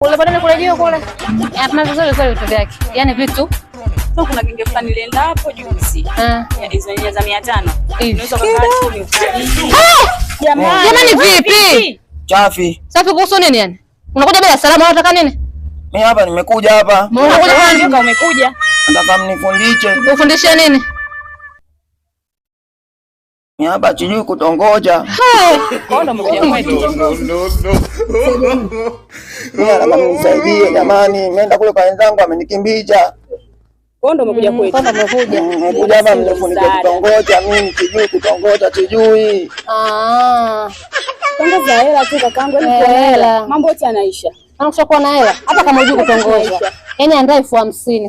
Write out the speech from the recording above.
Kule baada kule kurejea kule. Hapana vizuri vizuri vitu vyake. Yaani vitu so kuna kinge fulani lenda hapo juzi. Ah. Ya Hizo nyanya za 500. Unaweza kukaa chini. Ah! Jamani. Jamani vipi? Chafi. Sasa kuhusu nini yani? Unakuja bila salamu au unataka nini? Mimi hapa nimekuja hapa. Unakuja kwanza nini umekuja? Nataka mnifundishe. Ufundishe nini? Hapa chijui kutongoja nisaidie jamani, meenda kule kwa wenzangu amenikimbija. Mekuja mm, hapa kutongoja, mimi kutongoja, ah. yaani mambo yote yanaisha. na hela hata kama kutongoja, yaani andaa elfu hamsini.